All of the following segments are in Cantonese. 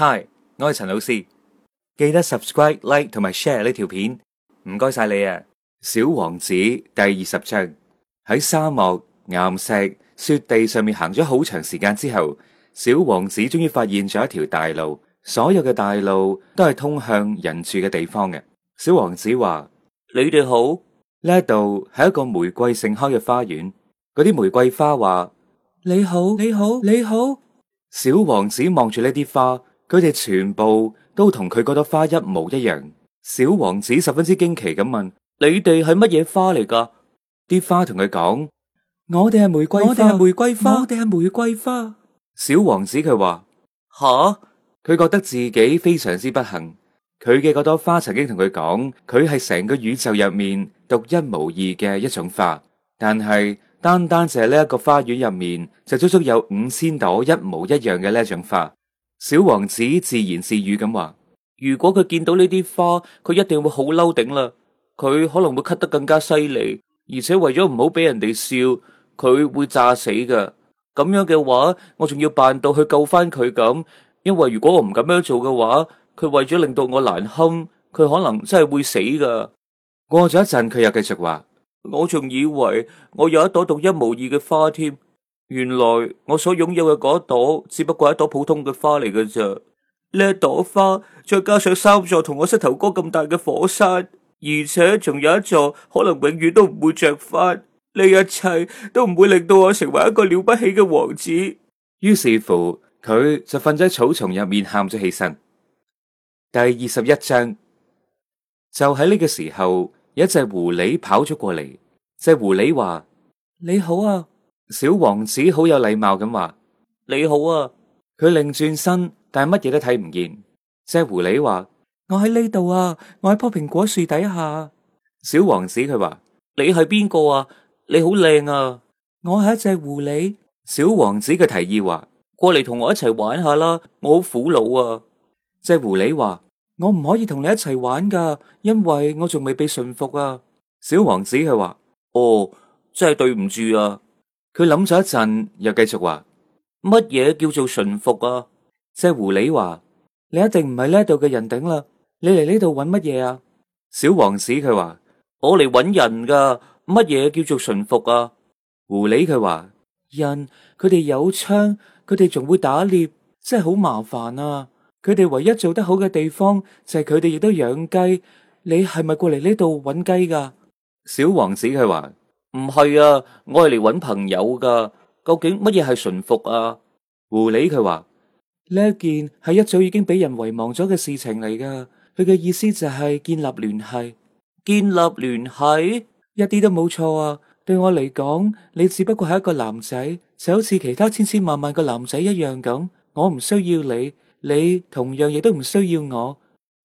Hi，我係陳老 C，記得 subscribe、like 同埋 share 呢條片，唔該晒你啊！小王子第二十章喺沙漠、岩石、雪地上面行咗好長時間之後，小王子終於發現咗一條大路，所有嘅大路都係通向人住嘅地方嘅。小王子話：你哋好，呢一度係一個玫瑰盛開嘅花園，嗰啲玫瑰花話：你好，你好，你好。小王子望住呢啲花。佢哋全部都同佢嗰朵花一模一樣。小王子十分之驚奇咁問：你哋係乜嘢花嚟噶？啲花同佢講：我哋係玫瑰花。我哋係玫瑰花。我哋係玫瑰花。小王子佢話：吓哈！佢覺得自己非常之不幸。佢嘅嗰朵花曾經同佢講：佢係成個宇宙入面獨一無二嘅一種花。但係單單就係呢一個花園入面，就足足有五千朵一模一樣嘅呢一種花。小王子自言自語咁話：如果佢見到呢啲花，佢一定會好嬲頂啦。佢可能會咳得更加犀利，而且為咗唔好俾人哋笑，佢會炸死噶。咁樣嘅話，我仲要扮到去救翻佢咁。因為如果我唔咁樣做嘅話，佢為咗令到我難堪，佢可能真係會死噶。過咗一陣，佢又繼續話：我仲以為我有一朵獨一無二嘅花添。原來我所擁有嘅嗰朵，只不過一朵普通嘅花嚟嘅啫。呢一朵花，再加上三座同我膝頭哥咁大嘅火山，而且仲有一座可能永遠都唔會着翻。呢一切都唔會令到我成為一個了不起嘅王子。於是乎，佢就瞓喺草叢入面，喊咗起身。第二十一章就喺呢個時候，有一隻狐狸跑咗過嚟。隻狐狸話：你好啊！小王子好有禮貌咁話：你好啊！佢擰轉身，但係乜嘢都睇唔見。隻狐狸話：我喺呢度啊，我喺棵蘋果樹底下。小王子佢話：你係邊個啊？你好靚啊！我係一隻狐狸。小王子嘅提議話：過嚟同我一齊玩一下啦！我好苦惱啊！隻狐狸話：我唔可以同你一齊玩噶，因為我仲未被馴服啊！小王子佢話：哦，真係對唔住啊！佢諗咗一陣，又繼續話：乜嘢叫做馴服啊？即隻狐狸話：你一定唔係呢度嘅人頂啦！你嚟呢度揾乜嘢啊？小王子佢話：我嚟揾人噶。乜嘢叫做馴服啊？狐狸佢話：人佢哋有槍，佢哋仲會打獵，真係好麻煩啊！佢哋唯一做得好嘅地方就係佢哋亦都養雞。你係咪過嚟呢度揾雞噶？小王子佢話。唔係啊，我係嚟揾朋友噶。究竟乜嘢係馴服啊？狐狸佢話，呢一件係一早已經俾人遺忘咗嘅事情嚟噶。佢嘅意思就係建立聯繫。建立聯繫，一啲都冇錯啊。對我嚟講，你只不過係一個男仔，就好似其他千千萬萬個男仔一樣咁。我唔需要你，你同樣亦都唔需要我。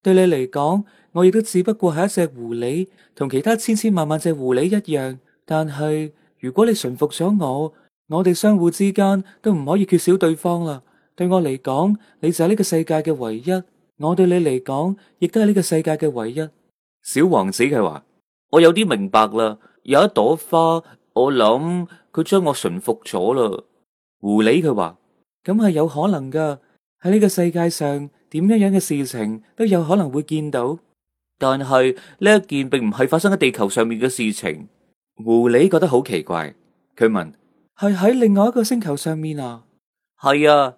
對你嚟講，我亦都只不過係一隻狐狸，同其他千千萬萬隻狐狸一樣。但係，如果你馴服咗我，我哋相互之間都唔可以缺少對方啦。對我嚟講，你就係呢個世界嘅唯一；我對你嚟講，亦都係呢個世界嘅唯一。小王子佢話：我有啲明白啦。有一朵花，我諗佢將我馴服咗啦。狐狸佢話：咁係有可能噶。喺呢個世界上，點樣樣嘅事情都有可能會見到。但係呢一件並唔係發生喺地球上面嘅事情。狐狸覺得好奇怪，佢問：係喺另外一個星球上面啊？係啊，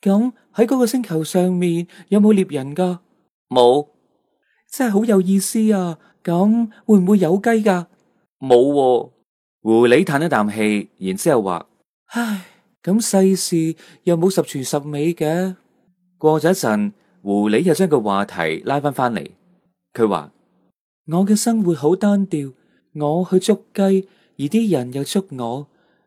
咁喺嗰個星球上面有冇獵人噶？冇有，真係好有意思啊！咁、嗯、會唔會有雞噶？冇、啊。狐狸嘆一啖氣，然之後話：唉，咁、嗯、世事又冇十全十美嘅。過咗一陣，狐狸又將個話題拉翻翻嚟，佢話：我嘅生活好單調。我去捉雞，而啲人又捉我。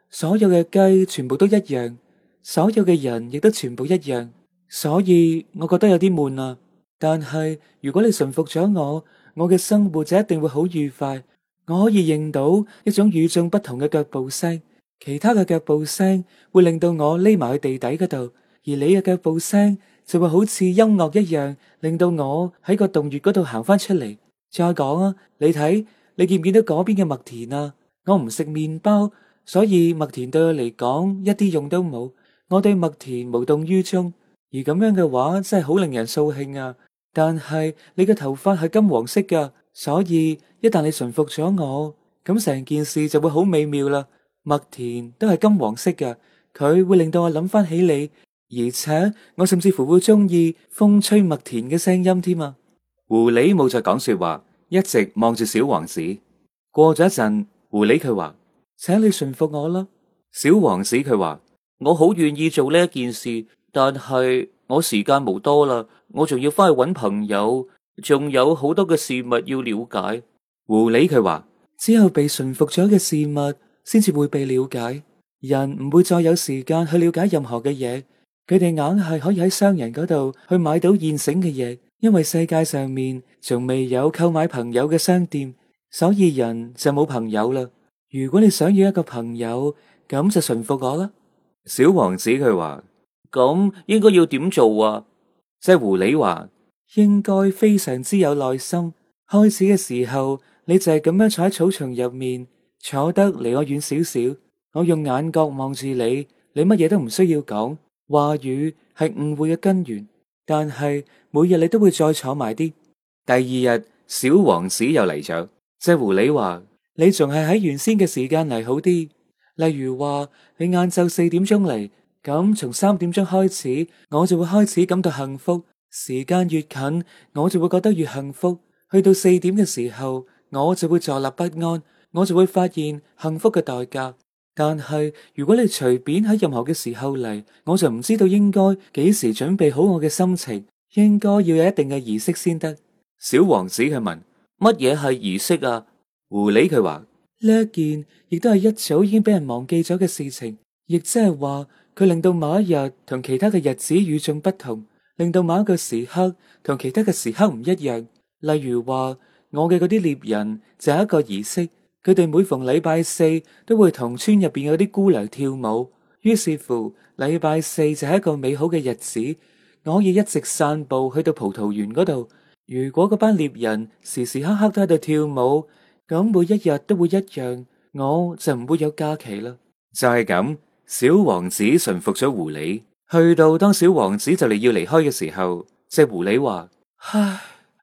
所有嘅雞全部都一樣，所有嘅人亦都全部一樣。所以我覺得有啲悶啊。但係如果你馴服咗我，我嘅生活就一定會好愉快。我可以認到一種與眾不同嘅腳步聲，其他嘅腳步聲會令到我匿埋去地底嗰度，而你嘅腳步聲就會好似音樂一樣，令到我喺個洞穴嗰度行翻出嚟。再講啊，你睇。你見唔見到嗰邊嘅麥田啊？我唔食麵包，所以麥田對我嚟講一啲用都冇。我對麥田無動於衷，而咁樣嘅話真係好令人掃興啊！但係你嘅頭髮係金黃色噶，所以一旦你馴服咗我，咁成件事就會好美妙啦。麥田都係金黃色噶，佢會令到我諗翻起你，而且我甚至乎會中意風吹麥田嘅聲音添啊！狐狸冇再講說話，一直望住小王子。過咗一陣，狐狸佢話：請你馴服我啦。小王子佢話：我好願意做呢一件事，但係我時間冇多啦，我仲要翻去揾朋友，仲有好多嘅事物要了解。狐狸佢話：只有被馴服咗嘅事物，先至會被了解。人唔會再有時間去了解任何嘅嘢。佢哋硬係可以喺商人嗰度去買到現成嘅嘢。因為世界上面仲未有購買朋友嘅商店，所以人就冇朋友啦。如果你想要一個朋友，咁就馴服我啦。小王子佢話：咁應該要點做啊？即係狐狸話：應該非常之有耐心。開始嘅時候，你就係咁樣坐喺草場入面，坐得離我遠少少。我用眼角望住你，你乜嘢都唔需要講。話語係誤會嘅根源。但係每日你都會再坐埋啲。第二日小王子又嚟咗，隻狐狸話：你仲係喺原先嘅時間嚟好啲，例如話你晏晝四點鐘嚟，咁從三點鐘開始，我就會開始感到幸福。時間越近，我就會覺得越幸福。去到四點嘅時候，我就會坐立不安，我就會發現幸福嘅代價。但係，如果你隨便喺任何嘅時候嚟，我就唔知道應該幾時準備好我嘅心情，應該要有一定嘅儀式先得。小王子佢問：乜嘢係儀式啊？狐狸佢話：呢一件亦都係一早已經俾人忘記咗嘅事情，亦即係話佢令到某一日同其他嘅日子與眾不同，令到某一個時刻同其他嘅時刻唔一樣。例如話我嘅嗰啲獵人就係一個儀式。佢哋每逢禮拜四都會同村入邊有啲姑娘跳舞，於是乎禮拜四就係一個美好嘅日子，我可以一直散步去到葡萄園嗰度。如果嗰班獵人時時刻刻都喺度跳舞，咁每一日都會一樣，我就唔會有假期啦。就係咁，小王子馴服咗狐狸，去到當小王子就嚟要離開嘅時候，隻狐狸話：唉，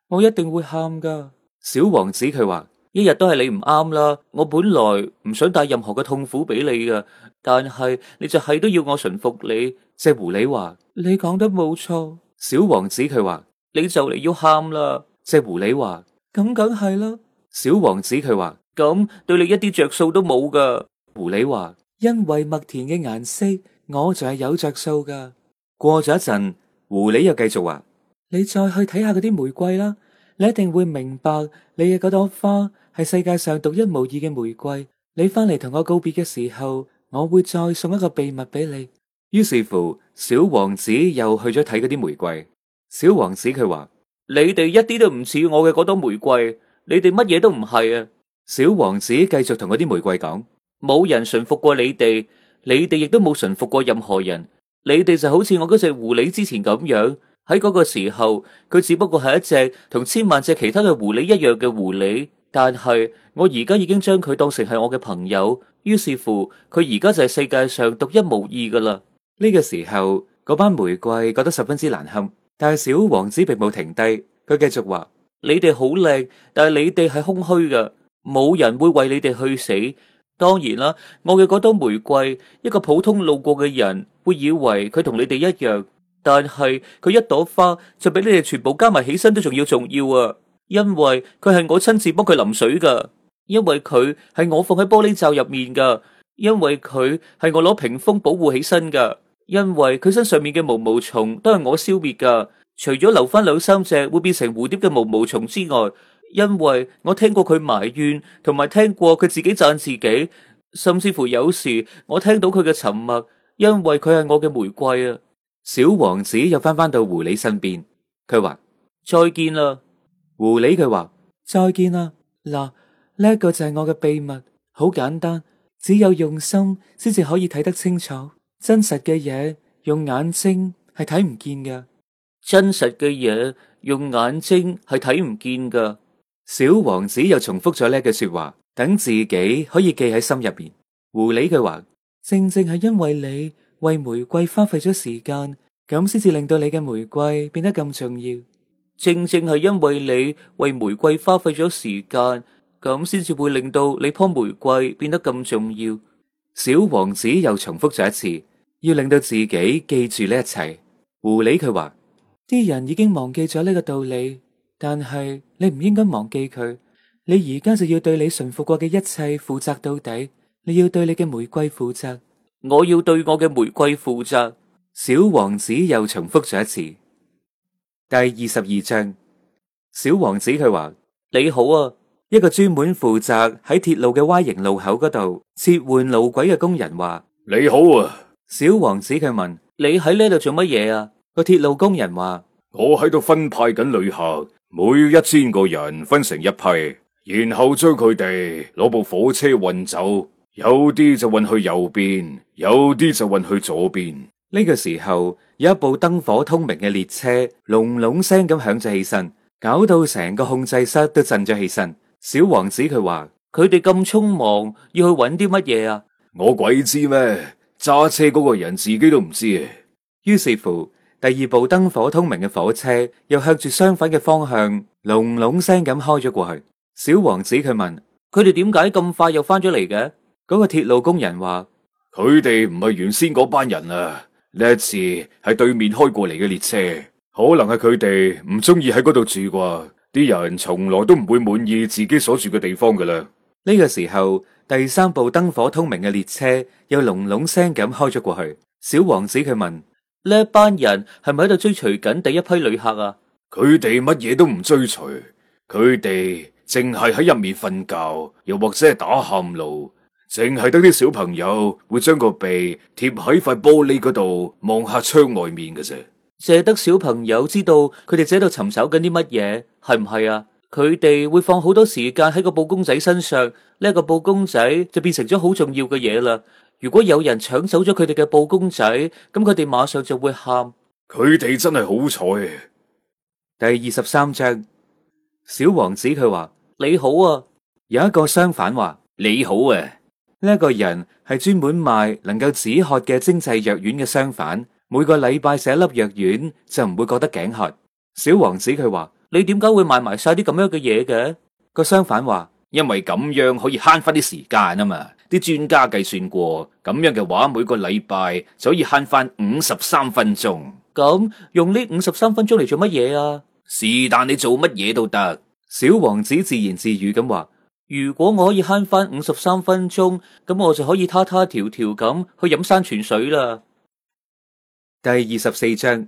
我一定會喊噶。小王子佢話。一日都係你唔啱啦！我本來唔想帶任何嘅痛苦俾你噶，但係你就係都要我馴服你。隻狐狸話：你講得冇錯。小王子佢話：你就嚟要喊啦。隻狐狸話：咁梗係啦。小王子佢話：咁對你一啲着數都冇噶。狐狸話：因為麥田嘅顏色，我就係有着數噶。過咗一陣，狐狸又繼續話：你再去睇下嗰啲玫瑰啦，你一定會明白你嘅嗰朵花。係世界上獨一無二嘅玫瑰。你翻嚟同我告別嘅時候，我會再送一個秘密俾你。於是乎，小王子又去咗睇嗰啲玫瑰。小王子佢話：你哋一啲都唔似我嘅嗰朵玫瑰，你哋乜嘢都唔係啊。小王子繼續同嗰啲玫瑰講：冇人馴服過你哋，你哋亦都冇馴服過任何人。你哋就好似我嗰隻狐狸之前咁樣，喺嗰個時候佢只不過係一隻同千萬隻其他嘅狐狸一樣嘅狐狸。但係我而家已經將佢當成係我嘅朋友，於是乎佢而家就係世界上獨一無二噶啦。呢個時候，嗰班玫瑰覺得十分之難堪，但係小王子並冇停低，佢繼續話：你哋好靚，但係你哋係空虛噶，冇人會為你哋去死。當然啦，我嘅嗰朵玫瑰，一個普通路過嘅人會以為佢同你哋一樣，但係佢一朵花就比你哋全部加埋起身都仲要重要啊！因為佢係我親自幫佢淋水噶，因為佢係我放喺玻璃罩入面噶，因為佢係我攞屏風保護起身噶，因為佢身上面嘅毛毛蟲都係我消滅噶，除咗留翻兩三隻會變成蝴蝶嘅毛毛蟲之外，因為我聽過佢埋怨，同埋聽過佢自己讚自己，甚至乎有時我聽到佢嘅沉默，因為佢係我嘅玫瑰啊！小王子又翻返到狐狸身邊，佢話，再見啦。狐狸佢話：再見啦，嗱，呢一個就係我嘅秘密，好簡單，只有用心先至可以睇得清楚，真實嘅嘢用眼睛係睇唔見嘅，真實嘅嘢用眼睛係睇唔見嘅。小王子又重複咗呢句說話，等自己可以記喺心入邊。狐狸佢話：正正係因為你為玫瑰花費咗時間，咁先至令到你嘅玫瑰變得咁重要。正正係因為你為玫瑰花費咗時間，咁先至會令到你棵玫瑰變得咁重要。小王子又重複咗一次，要令到自己記住呢一切。狐狸佢話：啲人已經忘記咗呢個道理，但係你唔應該忘記佢。你而家就要對你馴服過嘅一切負責到底。你要對你嘅玫瑰負責，我要對我嘅玫瑰負責。小王子又重複咗一次。第二十二章，小王子佢話你好啊，一個專門負責喺鐵路嘅 Y 型路口嗰度切換路軌嘅工人話你好啊，小王子佢問你喺呢度做乜嘢啊？個鐵路工人話我喺度分派緊旅客，每一千個人分成一批，然後將佢哋攞部火車運走，有啲就運去右邊，有啲就運去左邊。呢個時候有一部燈火通明嘅列車，隆隆聲咁響咗起身，搞到成個控制室都震咗起身。小王子佢話：佢哋咁匆忙要去揾啲乜嘢啊？我鬼知咩？揸車嗰個人自己都唔知。於是乎，第二部燈火通明嘅火車又向住相反嘅方向隆隆聲咁開咗過去。小王子佢問：佢哋點解咁快又翻咗嚟嘅？嗰個鐵路工人話：佢哋唔係原先嗰班人啊。呢一次係對面開過嚟嘅列車，可能係佢哋唔中意喺嗰度住啩？啲人從來都唔會滿意自己所住嘅地方噶啦。呢個時候，第三部燈火通明嘅列車又隆隆聲咁開咗過去。小王子佢問：呢一班人係咪喺度追隨緊第一批旅客啊？佢哋乜嘢都唔追隨，佢哋淨係喺入面瞓覺，又或者係打喊路。淨係得啲小朋友會將個鼻貼喺塊玻璃嗰度望下窗外面嘅啫，只得小朋友知道佢哋喺度尋找緊啲乜嘢，係唔係啊？佢哋會放好多時間喺個布公仔身上，呢、這個布公仔就變成咗好重要嘅嘢啦。如果有人搶走咗佢哋嘅布公仔，咁佢哋馬上就會喊。佢哋真係好彩。第二十三章，小王子佢話你好啊，有一個相反話你好啊。呢一個人係專門賣能夠止渴嘅精製藥丸嘅商販，每個禮拜食一粒藥丸就唔會覺得頸渴。小王子佢話：你點解會賣埋晒啲咁樣嘅嘢嘅？個商販話：因為咁樣可以慳翻啲時間啊嘛！啲專家計算過，咁樣嘅話每個禮拜就可以慳翻五十三分鐘。咁用呢五十三分鐘嚟做乜嘢啊？是但你做乜嘢都得。小王子自言自語咁話。如果我可以慳翻五十三分鐘，咁我就可以他他條條咁去飲山泉水啦。第二十四章，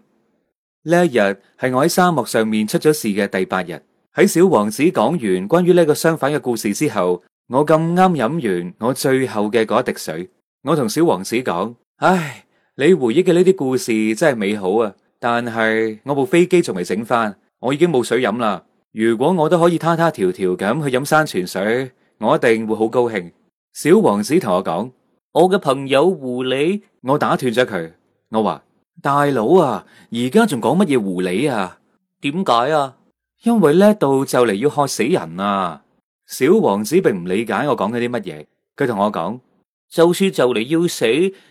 呢一日係我喺沙漠上面出咗事嘅第八日。喺小王子講完關於呢個相反嘅故事之後，我咁啱飲完我最後嘅嗰一滴水。我同小王子講：「唉，你回憶嘅呢啲故事真係美好啊！但係我部飛機仲未整翻，我已經冇水飲啦。如果我都可以他他條條咁去飲山泉水，我一定會好高興。小王子同我講：我嘅朋友狐狸。我打斷咗佢，我話：大佬啊，而家仲講乜嘢狐狸啊？點解啊？因為呢度就嚟要害死人啊！小王子並唔理解我講嘅啲乜嘢，佢同我講：就算就嚟要死，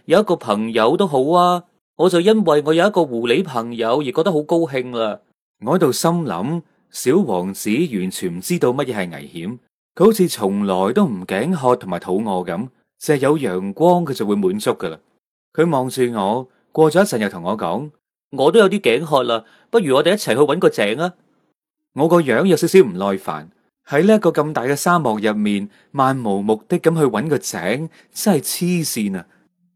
有一個朋友都好啊！我就因為我有一個狐狸朋友而覺得好高興啦、啊。我喺度心諗。小王子完全唔知道乜嘢係危險，佢好似從來都唔頸渴同埋肚餓咁，淨係有陽光佢就會滿足噶啦。佢望住我，過咗一陣又同我講：我都有啲頸渴啦，不如我哋一齊去搵個井啊！我個樣有少少唔耐煩，喺呢一個咁大嘅沙漠入面，漫無目的咁去搵個井，真係黐線啊！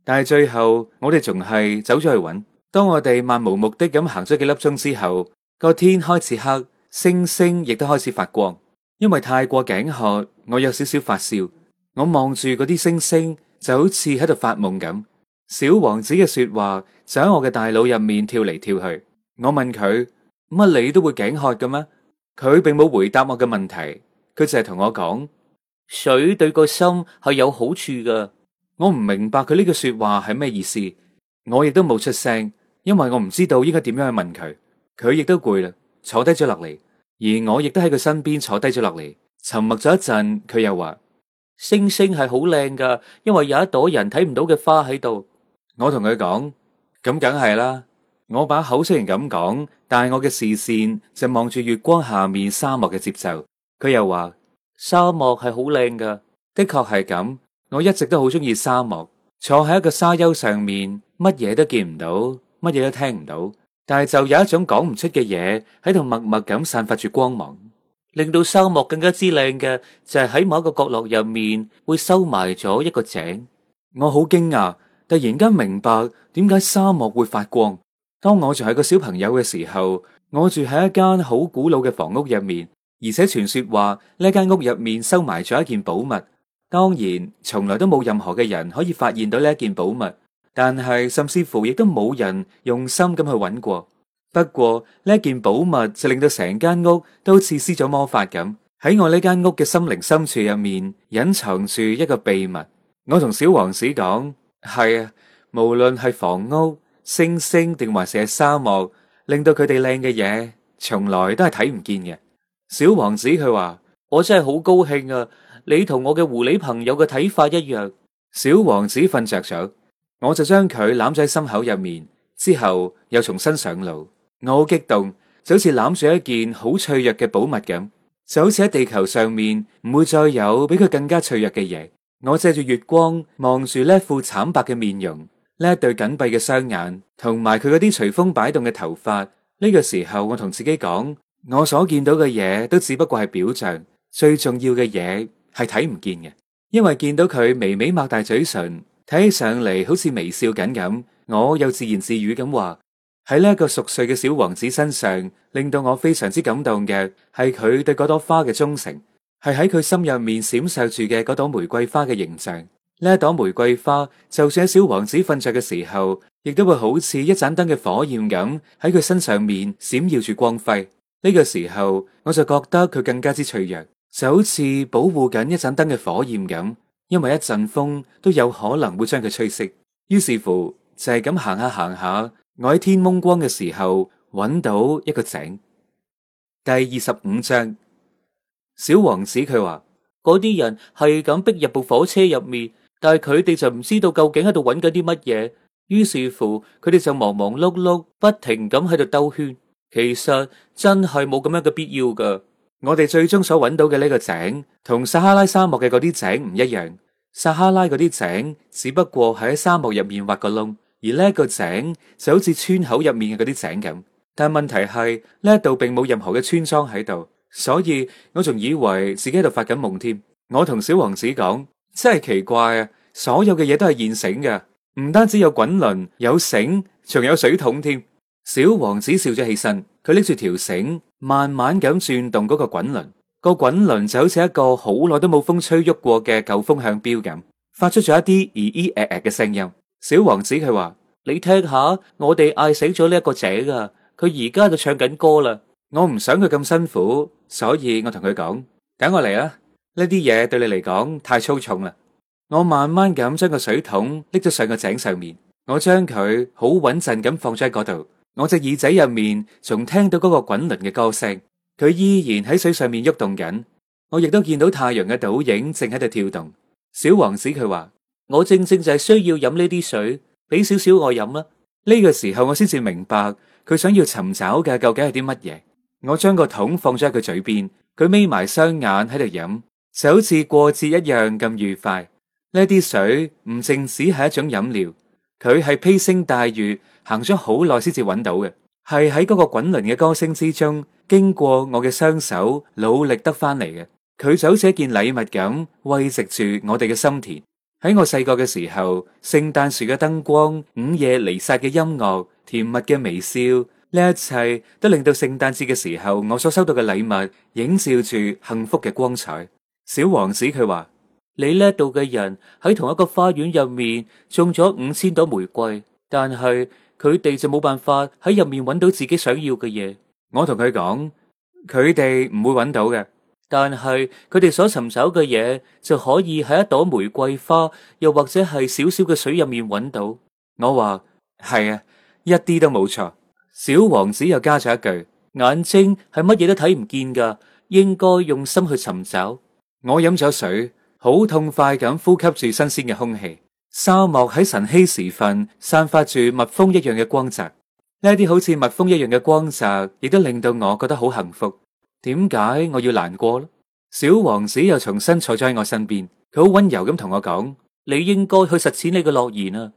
但係最後我哋仲係走咗去搵。當我哋漫無目的咁行咗幾粒鐘之後，個天開始黑。星星亦都開始發光，因為太過頸渴，我有少少發燒。我望住嗰啲星星，就好似喺度發夢咁。小王子嘅說話就喺我嘅大腦入面跳嚟跳去。我問佢：乜、嗯、你都會頸渴嘅咩？佢並冇回答我嘅問題，佢淨係同我講：水對個心係有好處噶。我唔明白佢呢句說話係咩意思，我亦都冇出聲，因為我唔知道應該點樣去問佢。佢亦都攰啦。坐低咗落嚟，而我亦都喺佢身邊坐低咗落嚟。沉默咗一陣，佢又話：星星係好靚噶，因為有一朵人睇唔到嘅花喺度。我同佢講：咁梗係啦。我把口雖然咁講，但係我嘅視線就望住月光下面沙漠嘅節奏。佢又話：沙漠係好靚噶，的確係咁。我一直都好中意沙漠。坐喺一個沙丘上面，乜嘢都見唔到，乜嘢都聽唔到。但係就有一種講唔出嘅嘢，喺度默默咁散發住光芒，令到沙漠更加之靚嘅就係、是、喺某一個角落入面會收埋咗一個井。我好驚訝，突然間明白點解沙漠會發光。當我仲係個小朋友嘅時候，我住喺一間好古老嘅房屋入面，而且傳說話呢一間屋入面收埋咗一件寶物。當然，從來都冇任何嘅人可以發現到呢一件寶物。但係，甚至乎亦都冇人用心咁去揾過。不過呢件寶物就令到成間屋都似施咗魔法咁，喺我呢間屋嘅心靈深處入面隱藏住一個秘密。我同小王子講：係啊，無論係房屋、星星定還是係沙漠，令到佢哋靚嘅嘢從來都係睇唔見嘅。小王子佢話：我真係好高興啊！你同我嘅狐狸朋友嘅睇法一樣。小王子瞓着咗。我就將佢攬在心口入面，之後又重新上路。我好激動，就好似攬住一件好脆弱嘅寶物咁，就好似喺地球上面唔會再有比佢更加脆弱嘅嘢。我借住月光望住呢副慘白嘅面容，呢一對緊閉嘅雙眼，同埋佢嗰啲隨風擺動嘅頭髮。呢個時候，我同自己講，我所見到嘅嘢都只不過係表象，最重要嘅嘢係睇唔見嘅，因為見到佢微微擘大嘴唇。睇起上嚟好似微笑緊咁，我又自言自語咁話：喺呢一個熟睡嘅小王子身上，令到我非常之感動嘅係佢對嗰朵花嘅忠誠，係喺佢心入面閃爍住嘅嗰朵玫瑰花嘅形象。呢一朵玫瑰花，就算喺小王子瞓着嘅時候，亦都會好似一盞燈嘅火焰咁喺佢身上面閃耀住光輝。呢個時候，我就覺得佢更加之脆弱，就好似保護緊一盞燈嘅火焰咁。因為一陣風都有可能會將佢吹熄，於是乎就係咁行下行下，我喺天蒙光嘅時候揾到一個井。第二十五章，小王子佢話嗰啲人係咁逼入部火車入面，但係佢哋就唔知道究竟喺度揾緊啲乜嘢，於是乎佢哋就忙忙碌碌，不停咁喺度兜圈。其實真係冇咁樣嘅必要噶。我哋最終所揾到嘅呢個井，同撒哈拉沙漠嘅嗰啲井唔一樣。撒哈拉嗰啲井只不過係喺沙漠入面挖個窿，而呢個井就好似村口入面嘅嗰啲井咁。但係問題係呢一度並冇任何嘅村莊喺度，所以我仲以為自己喺度發緊夢添。我同小王子講，真係奇怪啊！所有嘅嘢都係現成嘅，唔單止有滾輪，有繩，仲有水桶添。小王子笑咗起身，佢拎住條繩，慢慢咁轉動嗰個滾輪，個滾輪就好似一個好耐都冇風吹喐過嘅舊風向標咁，發出咗一啲咿咿唉唉嘅聲音。小王子佢話：你聽下，我哋嗌死咗呢一個井㗎，啊，佢而家就在唱緊歌啦。我唔想佢咁辛苦，所以我同佢講：等我嚟啊！呢啲嘢對你嚟講太粗重啦。我慢慢咁將個水桶拎咗上個井上面，我將佢好穩陣咁放咗喺嗰度。我隻耳仔入面仲聽到嗰個滾輪嘅歌聲，佢依然喺水上面喐動緊。我亦都見到太陽嘅倒影正喺度跳動。小王子佢話：我正正就係需要飲呢啲水，俾少少我飲啦。呢個時候我先至明白佢想要尋找嘅究竟係啲乜嘢。我將個桶放咗喺佢嘴邊，佢眯埋雙眼喺度飲，就好似過節一樣咁愉快。呢啲水唔淨止係一種飲料，佢係披星戴月。行咗好耐先至揾到嘅，係喺嗰個滾輪嘅歌聲之中，經過我嘅雙手努力得翻嚟嘅。佢就好似一件禮物咁，慰藉住我哋嘅心田。喺我細個嘅時候，聖誕樹嘅燈光、午夜彌撒嘅音樂、甜蜜嘅微笑，呢一切都令到聖誕節嘅時候我所收到嘅禮物映照住幸福嘅光彩。小王子佢話：你呢度嘅人喺同一個花園入面種咗五千朵玫瑰，但係。佢哋就冇辦法喺入面揾到自己想要嘅嘢。我同佢講，佢哋唔會揾到嘅。但係佢哋所尋找嘅嘢就可以喺一朵玫瑰花，又或者係少少嘅水入面揾到。我話係啊，一啲都冇錯。小王子又加咗一句：眼睛係乜嘢都睇唔見噶，應該用心去尋找。我飲咗水，好痛快咁呼吸住新鮮嘅空氣。沙漠喺晨曦時分散發住蜜蜂一樣嘅光澤，呢啲好似蜜蜂一樣嘅光澤，亦都令到我覺得好幸福。點解我要難過呢？小王子又重新坐咗喺我身邊，佢好溫柔咁同我講：你應該去實踐你嘅諾言啊！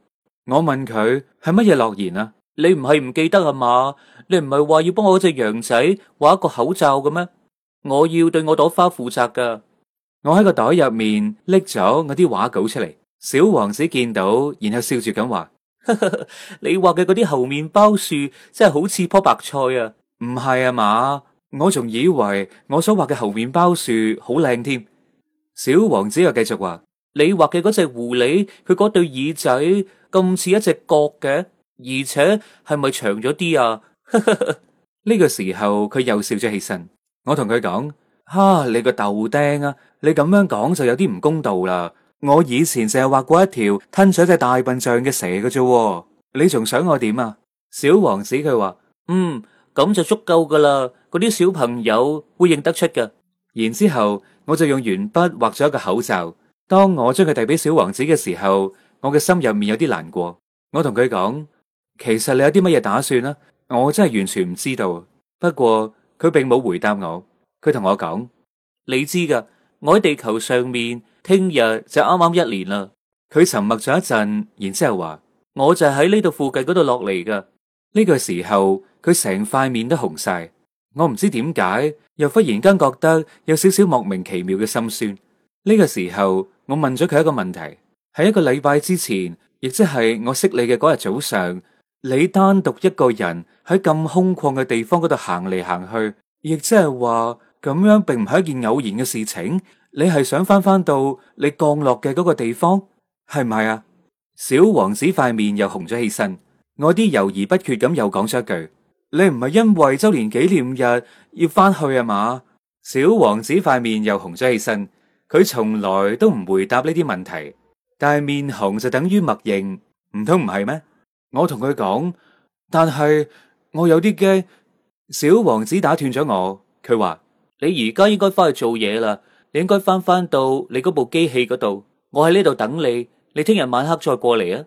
我問佢係乜嘢諾言啊？你唔係唔記得啊嘛？你唔係話要幫我隻羊仔畫一個口罩嘅咩？我要對我朵花負責噶。我喺個袋入面拎咗我啲畫稿出嚟。小王子見到，然後笑住咁話： 你畫嘅嗰啲猴麵包樹真係好似棵白菜啊！唔係啊嘛，我仲以為我所畫嘅猴麵包樹好靚添。小王子又繼續話： 你畫嘅嗰隻狐狸，佢嗰對耳仔咁似一隻角嘅，而且係咪長咗啲啊？呢 個時候佢又笑咗起身，我同佢講：哈，你個豆釘啊！你咁樣講就有啲唔公道啦。我以前淨係畫過一條吞咗隻大笨象嘅蛇嘅啫，你仲想我點啊？小王子佢話：嗯，咁就足夠噶啦。嗰啲小朋友會認得出噶。然之後我就用鉛筆畫咗一個口罩。當我將佢遞俾小王子嘅時候，我嘅心入面有啲難過。我同佢講：其實你有啲乜嘢打算啊？我真係完全唔知道。不過佢並冇回答我。佢同我講：你知噶，我喺地球上面，聽日就啱啱一年啦。佢沉默咗一陣，然之後話：我就喺呢度附近嗰度落嚟噶。呢個時候佢成塊面都紅晒，我唔知點解，又忽然間覺得有少少莫名其妙嘅心酸。呢個時候我問咗佢一個問題：喺一個禮拜之前，亦即係我識你嘅嗰日早上，你單獨一個人喺咁空曠嘅地方嗰度行嚟行去，亦即係話咁樣並唔係一件偶然嘅事情。你係想翻翻到你降落嘅嗰個地方係唔係啊？小王子塊面又紅咗起身，我啲猶豫不決咁又講咗句：你唔係因為周年紀念日要翻去啊嘛？小王子塊面又紅咗起身，佢從來都唔回答呢啲問題，但係面紅就等於默認，唔通唔係咩？我同佢講，但係我有啲驚。小王子打斷咗我，佢話：你而家應該翻去做嘢啦。你應該翻翻到你嗰部機器嗰度，我喺呢度等你。你聽日晚黑再過嚟啊！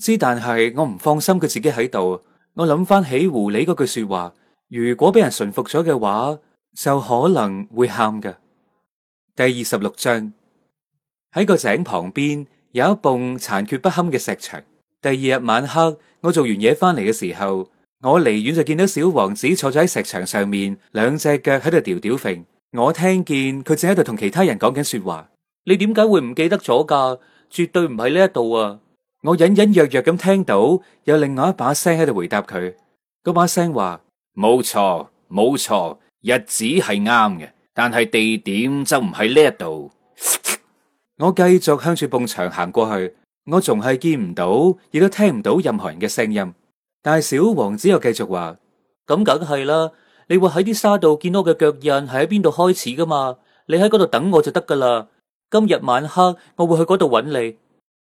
知，但係我唔放心佢自己喺度。我諗翻起狐狸嗰句說話，如果俾人馴服咗嘅話，就可能會喊噶。第二十六章，喺個井旁邊有一棟殘缺不堪嘅石牆。第二日晚黑，我做完嘢翻嚟嘅時候，我離遠就見到小王子坐咗喺石牆上面，兩隻腳喺度吊吊揈。我聽見佢正喺度同其他人講緊說話，你點解會唔記得咗噶？絕對唔喺呢一度啊！我隱隱約約咁聽到有另外一把聲喺度回答佢，嗰把聲話：冇錯，冇錯，日子係啱嘅，但係地點就唔喺呢一度。我繼續向住埲牆行過去，我仲係見唔到，亦都聽唔到任何人嘅聲音。但係小王子又繼續話：咁梗係啦。你會喺啲沙度見到我嘅腳印，係喺邊度開始噶嘛？你喺嗰度等我就得噶啦。今日晚黑我會去嗰度揾你。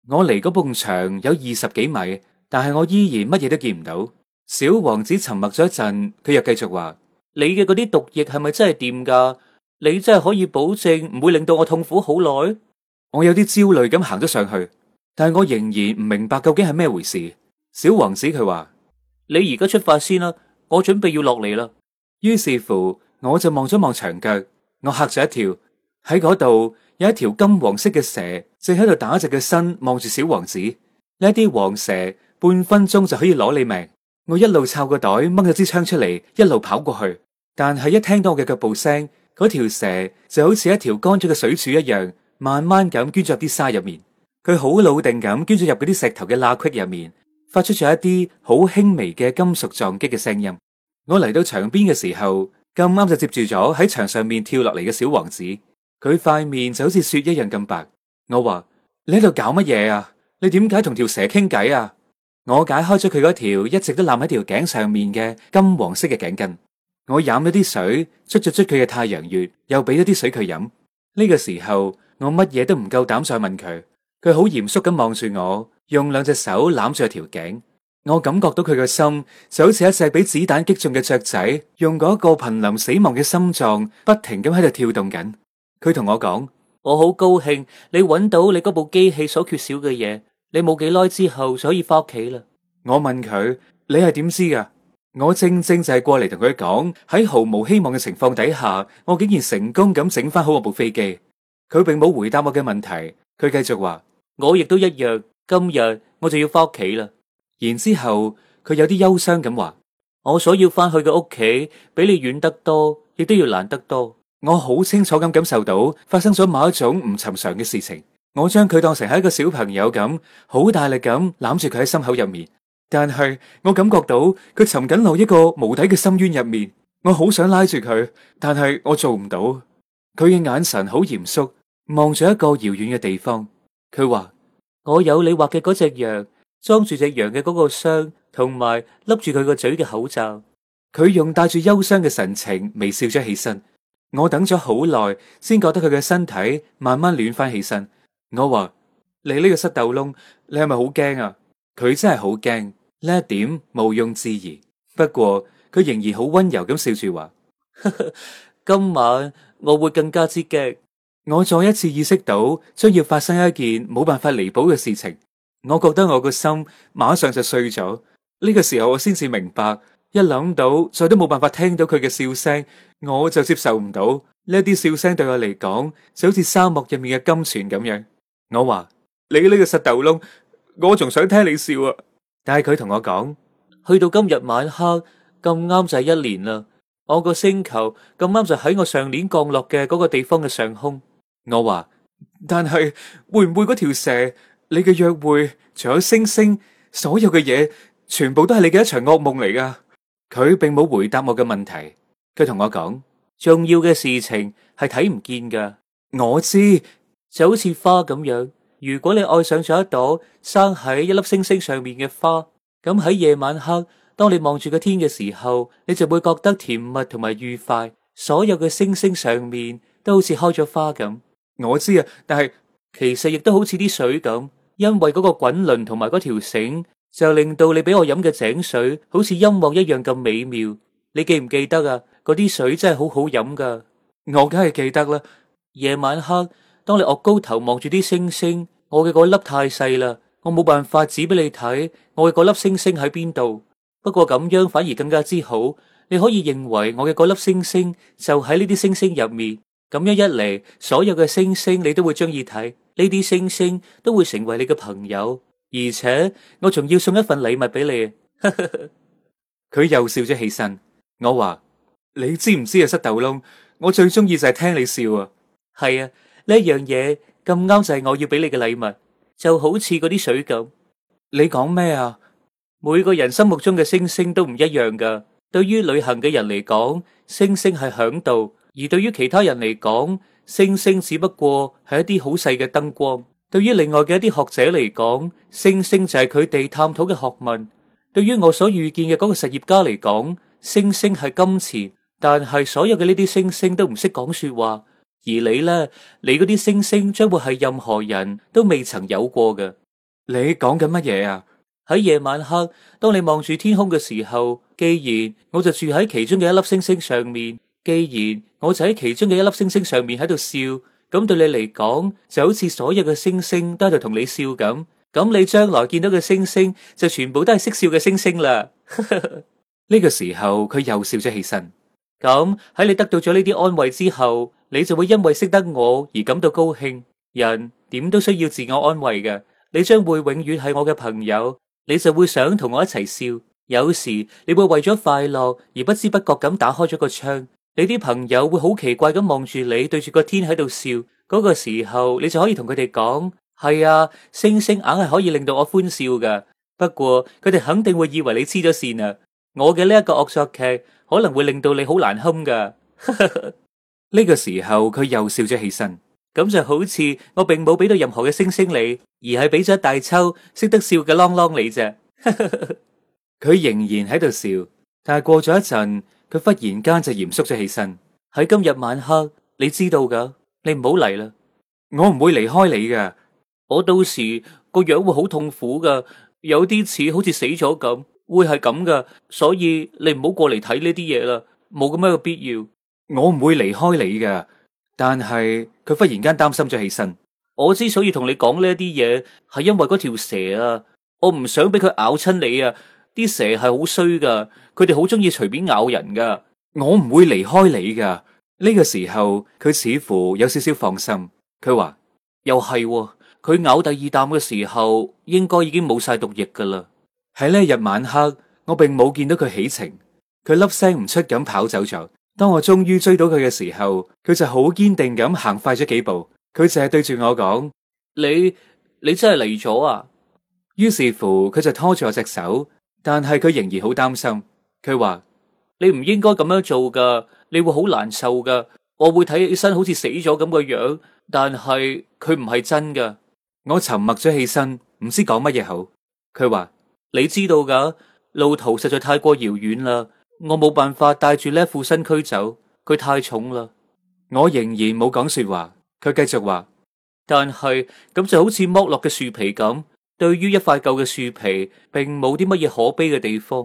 我離嗰埲牆有二十幾米，但係我依然乜嘢都見唔到。小王子沉默咗一陣，佢又繼續話：你嘅嗰啲毒液係咪真係掂噶？你真係可以保證唔會令到我痛苦好耐？我有啲焦慮咁行咗上去，但係我仍然唔明白究竟係咩回事。小王子佢話：你而家出發先啦，我準備要落嚟啦。於是乎，我就望咗望牆腳，我嚇咗一跳。喺嗰度有一條金黃色嘅蛇，正喺度打直個身望住小王子。呢啲黃蛇，半分鐘就可以攞你命。我一路抄個袋掹咗支槍出嚟，一路跑過去。但係一聽到我嘅腳步聲，嗰條蛇就好似一條乾咗嘅水柱一樣，慢慢咁捐咗入啲沙入面。佢好老定咁捐咗入嗰啲石頭嘅罅隙入面，發出咗一啲好輕微嘅金屬撞擊嘅聲音。我嚟到牆邊嘅時候，咁啱就接住咗喺牆上面跳落嚟嘅小王子。佢塊面就好似雪一樣咁白。我話：你喺度搞乜嘢啊？你點解同條蛇傾偈啊？我解開咗佢嗰條一直都攬喺條頸上面嘅金黃色嘅頸巾。我飲咗啲水，捽咗捽佢嘅太陽穴，又俾咗啲水佢飲。呢個時候我乜嘢都唔夠膽再問佢。佢好嚴肅咁望住我，用兩隻手攬住條頸。我感覺到佢個心就好似一隻俾子彈擊中嘅雀仔，用嗰個瀕臨死亡嘅心臟不停咁喺度跳動緊。佢同我講：我好高興你揾到你嗰部機器所缺少嘅嘢，你冇幾耐之後就可以翻屋企啦。我問佢：你係點知噶？我正正就係過嚟同佢講，喺毫無希望嘅情況底下，我竟然成功咁整翻好我部飛機。佢並冇回答我嘅問題，佢繼續話：我亦都一樣，今日我就要翻屋企啦。然之後，佢有啲憂傷咁話：我所要翻去嘅屋企，比你遠得多，亦都要難得多。我好清楚咁感受到，發生咗某一種唔尋常嘅事情。我將佢當成係一個小朋友咁，好大力咁攬住佢喺心口入面。但係我感覺到佢沉緊落一個無底嘅深淵入面。我好想拉住佢，但係我做唔到。佢嘅眼神好嚴肅，望住一個遙遠嘅地方。佢話：我有你畫嘅嗰隻羊。裝住隻羊嘅嗰個箱，同埋笠住佢個嘴嘅口罩。佢用帶住憂傷嘅神情微笑咗起身。我等咗好耐，先覺得佢嘅身體慢慢暖翻起身。我話你呢個膝頭窿，你係咪好驚啊？佢真係好驚，呢一點毋庸置疑。不過佢仍然好溫柔咁笑住話： 今晚我會更加之激。」我再一次意識到，將要發生一件冇辦法彌補嘅事情。我覺得我個心馬上就碎咗，呢個時候我先至明白，一諗到再都冇辦法聽到佢嘅笑聲，我就接受唔到，呢啲笑聲對我嚟講，就好似沙漠入面嘅甘泉咁樣。我話，你呢個實豆窿，我仲想聽你笑啊！但係佢同我講，去到今日晚黑咁啱就係一年啦，我個星球咁啱就喺我上年降落嘅嗰個地方嘅上空。我話，但係會唔會嗰條蛇？你嘅約會，除咗星星，所有嘅嘢，全部都係你嘅一場噩夢嚟㗎。佢並冇回答我嘅問題，佢同我講：重要嘅事情係睇唔見㗎。我知，就好似花咁樣。如果你愛上咗一朵生喺一粒星星上面嘅花，咁喺夜晚黑，當你望住個天嘅時候，你就會覺得甜蜜同埋愉快。所有嘅星星上面都好似開咗花咁。我知啊，但係。其實亦都好似啲水咁，因為嗰個滾輪同埋嗰條繩就令到你俾我飲嘅井水好似音樂一樣咁美妙。你記唔記得啊？嗰啲水真係好好飲噶，我梗係記得啦。夜晚黑，當你昂高頭望住啲星星，我嘅嗰粒太細啦，我冇辦法指俾你睇我嘅嗰粒星星喺邊度。不過咁樣反而更加之好，你可以認為我嘅嗰粒星星就喺呢啲星星入面，咁樣一嚟，所有嘅星星你都會中意睇。呢啲星星都會成為你嘅朋友，而且我仲要送一份禮物俾你。佢 又笑咗起身，我話：你知唔知啊？塞豆窿，我最中意就係聽你笑啊！係啊，呢一樣嘢咁啱就係我要俾你嘅禮物，就好似嗰啲水咁。你講咩啊？每個人心目中嘅星星都唔一樣噶。對於旅行嘅人嚟講，星星係響度；而對於其他人嚟講，星星只不過係一啲好細嘅燈光，對於另外嘅一啲學者嚟講，星星就係佢哋探討嘅學問；對於我所遇見嘅嗰個實業家嚟講，星星係金錢。但係所有嘅呢啲星星都唔識講說話，而你呢，你嗰啲星星將會係任何人都未曾有過嘅。你講緊乜嘢啊？喺夜晚黑，當你望住天空嘅時候，既然我就住喺其中嘅一粒星星上面。既然我就喺其中嘅一粒星星上面喺度笑，咁對你嚟講就好似所有嘅星星都喺度同你笑咁。咁你將來見到嘅星星就全部都係識笑嘅星星啦。呢 個時候佢又笑咗起身。咁喺你得到咗呢啲安慰之後，你就會因為識得我而感到高興。人點都需要自我安慰嘅，你將會永遠係我嘅朋友，你就會想同我一齊笑。有時你會為咗快樂而不知不覺咁打開咗個窗。你啲朋友會好奇怪咁望住你，對住個天喺度笑，嗰個時候你就可以同佢哋講：係啊，星星硬係可以令到我歡笑噶。不過佢哋肯定會以為你黐咗線啊！我嘅呢一個惡作劇可能會令到你好難堪噶。呢 個時候佢又笑咗起身，咁就好似我並冇俾到任何嘅星星你，而係俾咗一大抽識得笑嘅啷啷你啫。佢 仍然喺度笑，但係過咗一陣。佢忽然間就嚴肅咗起身，喺今日晚黑，你知道噶，你唔好嚟啦。我唔會離開你噶，我到時個樣會好痛苦噶。有啲似好似死咗咁，會係咁噶，所以你唔好過嚟睇呢啲嘢啦，冇咁樣嘅必要。我唔會離開你噶。但係佢忽然間擔心咗起身，我之所以同你講呢啲嘢，係因為嗰條蛇啊，我唔想俾佢咬親你啊。啲蛇係好衰噶，佢哋好中意隨便咬人噶。我唔會離開你噶。呢個時候佢似乎有少少放心。佢話又係喎，佢咬第二啖嘅時候應該已經冇晒毒液噶啦。喺呢日晚黑，我並冇見到佢起程，佢粒聲唔出咁跑走咗。當我終於追到佢嘅時候，佢就好堅定咁行快咗幾步。佢淨係對住我講：你你真係嚟咗啊！於是乎，佢就拖住我隻手。但係佢仍然好擔心，佢話：你唔應該咁樣做噶，你會好難受噶。我會睇起身好似死咗咁嘅樣，但係佢唔係真噶。我沉默咗起身，唔知講乜嘢好。佢話：你知道噶，路途實在太過遙遠啦，我冇辦法帶住呢一副身軀走，佢太重啦。我仍然冇講說話，佢繼續話：但係咁就好似剝落嘅樹皮咁。對於一塊舊嘅樹皮，並冇啲乜嘢可悲嘅地方，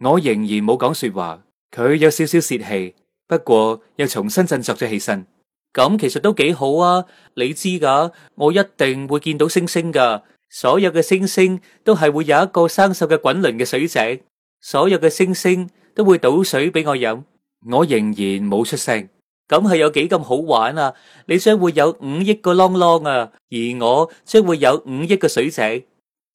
我仍然冇講說話。佢有少少洩氣，不過又重新振作咗起身。咁其實都幾好啊！你知噶，我一定會見到星星噶。所有嘅星星都係會有一個生銹嘅滾輪嘅水井，所有嘅星星都會倒水俾我飲。我仍然冇出聲。咁係有幾咁好玩啊！你將會有五億個啷啷啊，而我將會有五億個水井。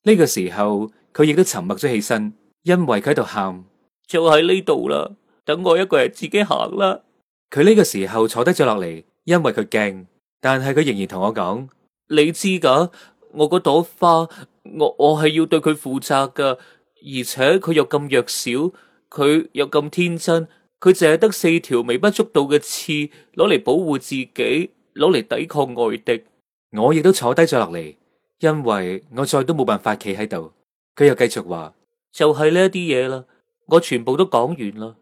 呢個時候，佢亦都沉默咗起身，因為佢喺度喊。就喺呢度啦。等我一個人自己行啦。佢呢個時候坐低咗落嚟，因為佢驚，但係佢仍然同我講：你知噶，我嗰朵花，我我係要對佢負責噶，而且佢又咁弱小，佢又咁天真。佢淨係得四條微不足道嘅刺，攞嚟保護自己，攞嚟抵抗外敵。我亦都坐低咗落嚟，因為我再都冇辦法企喺度。佢又繼續話，就係呢一啲嘢啦，我全部都講完啦。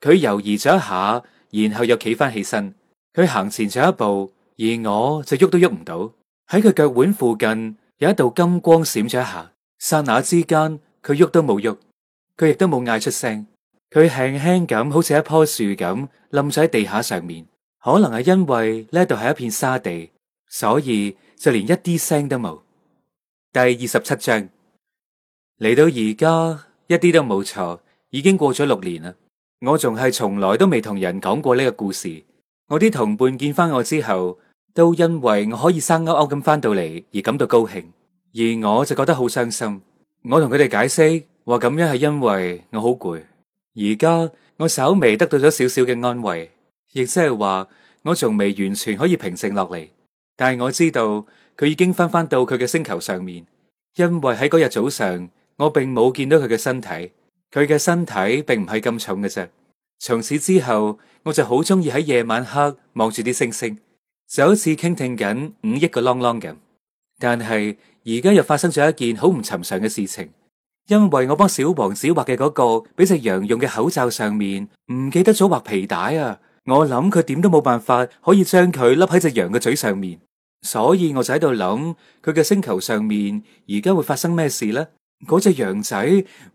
佢猶豫咗一下，然後又企翻起身。佢行前咗一步，而我就喐都喐唔到。喺佢腳腕附近有一道金光閃咗一下，剎那之間佢喐都冇喐，佢亦都冇嗌出聲。佢輕輕咁，好似一棵樹咁冧咗喺地下上面。可能係因為呢度係一片沙地，所以就連一啲聲都冇。第二十七章，嚟到而家，一啲都冇錯，已經過咗六年啦。我仲係從來都未同人講過呢個故事。我啲同伴見翻我之後，都因為我可以生勾勾咁翻到嚟而感到高興，而我就覺得好傷心。我同佢哋解釋，話咁樣係因為我好攰。而家我稍微得到咗少少嘅安慰，亦即係話我仲未完全可以平靜落嚟。但係我知道佢已經翻返到佢嘅星球上面，因為喺嗰日早上我並冇見到佢嘅身體，佢嘅身體並唔係咁重嘅啫。從此之後，我就好中意喺夜晚黑望住啲星星，就好似傾聽緊五億個啷啷咁。但係而家又發生咗一件好唔尋常嘅事情。因為我幫小王子畫嘅嗰個俾隻羊用嘅口罩上面唔記得咗畫皮帶啊，我諗佢點都冇辦法可以將佢笠喺隻羊嘅嘴上面，所以我就喺度諗，佢嘅星球上面而家會發生咩事呢？嗰隻羊仔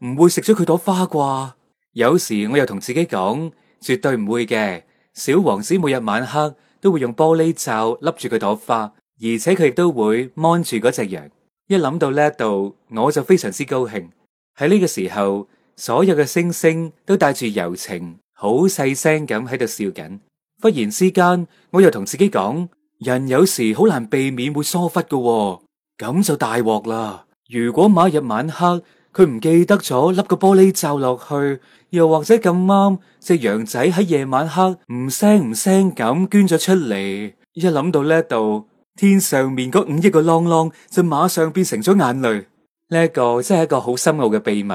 唔會食咗佢朵花啩？有時我又同自己講，絕對唔會嘅。小王子每日晚黑都會用玻璃罩笠住佢朵花，而且佢亦都會 mon 住嗰隻羊。一諗到呢度，我就非常之高興。喺呢個時候，所有嘅星星都帶住柔情，好細聲咁喺度笑緊。忽然之間，我又同自己講：人有時好難避免會疏忽嘅喎，咁就大鑊啦！如果某日晚黑佢唔記得咗笠個玻璃罩落去，又或者咁啱隻羊仔喺夜晚黑唔聲唔聲咁捐咗出嚟，一諗到呢度，天上面嗰五億個啷啷，就馬上變成咗眼淚。呢一個真係一個好深奧嘅秘密，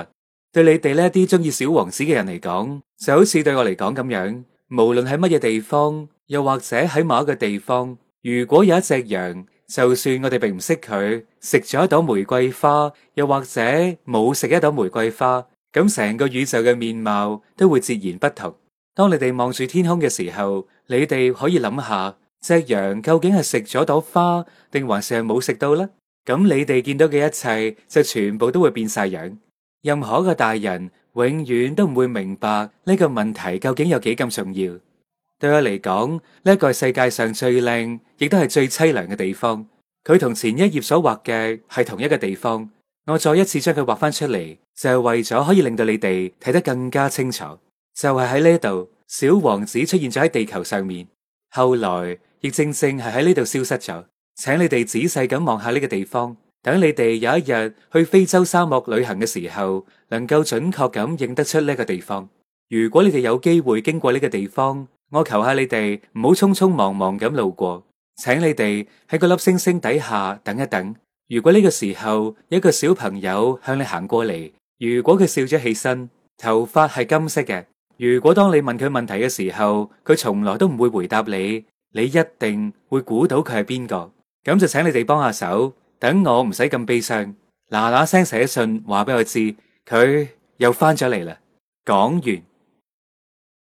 對你哋呢啲中意小王子嘅人嚟講，就好似對我嚟講咁樣。無論喺乜嘢地方，又或者喺某一個地方，如果有一隻羊，就算我哋並唔識佢，食咗一朵玫瑰花，又或者冇食一朵玫瑰花，咁成個宇宙嘅面貌都會截然不同。當你哋望住天空嘅時候，你哋可以諗下，隻羊究竟係食咗朵花，定還是係冇食到呢？咁你哋見到嘅一切就全部都會變晒樣。任何一個大人永遠都唔會明白呢個問題究竟有幾咁重要。對我嚟講，呢個係世界上最靚亦都係最淒涼嘅地方。佢同前一頁所畫嘅係同一個地方。我再一次將佢畫翻出嚟，就係為咗可以令到你哋睇得更加清楚。就係喺呢度，小王子出現咗喺地球上面，後來亦正正係喺呢度消失咗。請你哋仔細咁望下呢個地方，等你哋有一日去非洲沙漠旅行嘅時候，能夠準確咁認得出呢個地方。如果你哋有機會經過呢個地方，我求下你哋唔好匆匆忙忙咁路過，請你哋喺個粒星星底下等一等。如果呢個時候有一個小朋友向你行過嚟，如果佢笑咗起身，頭髮係金色嘅，如果當你問佢問題嘅時候，佢從來都唔會回答你，你一定會估到佢係邊個。咁就請你哋幫下手，等我唔使咁悲傷，嗱嗱聲寫信話俾我知，佢又翻咗嚟啦。講完。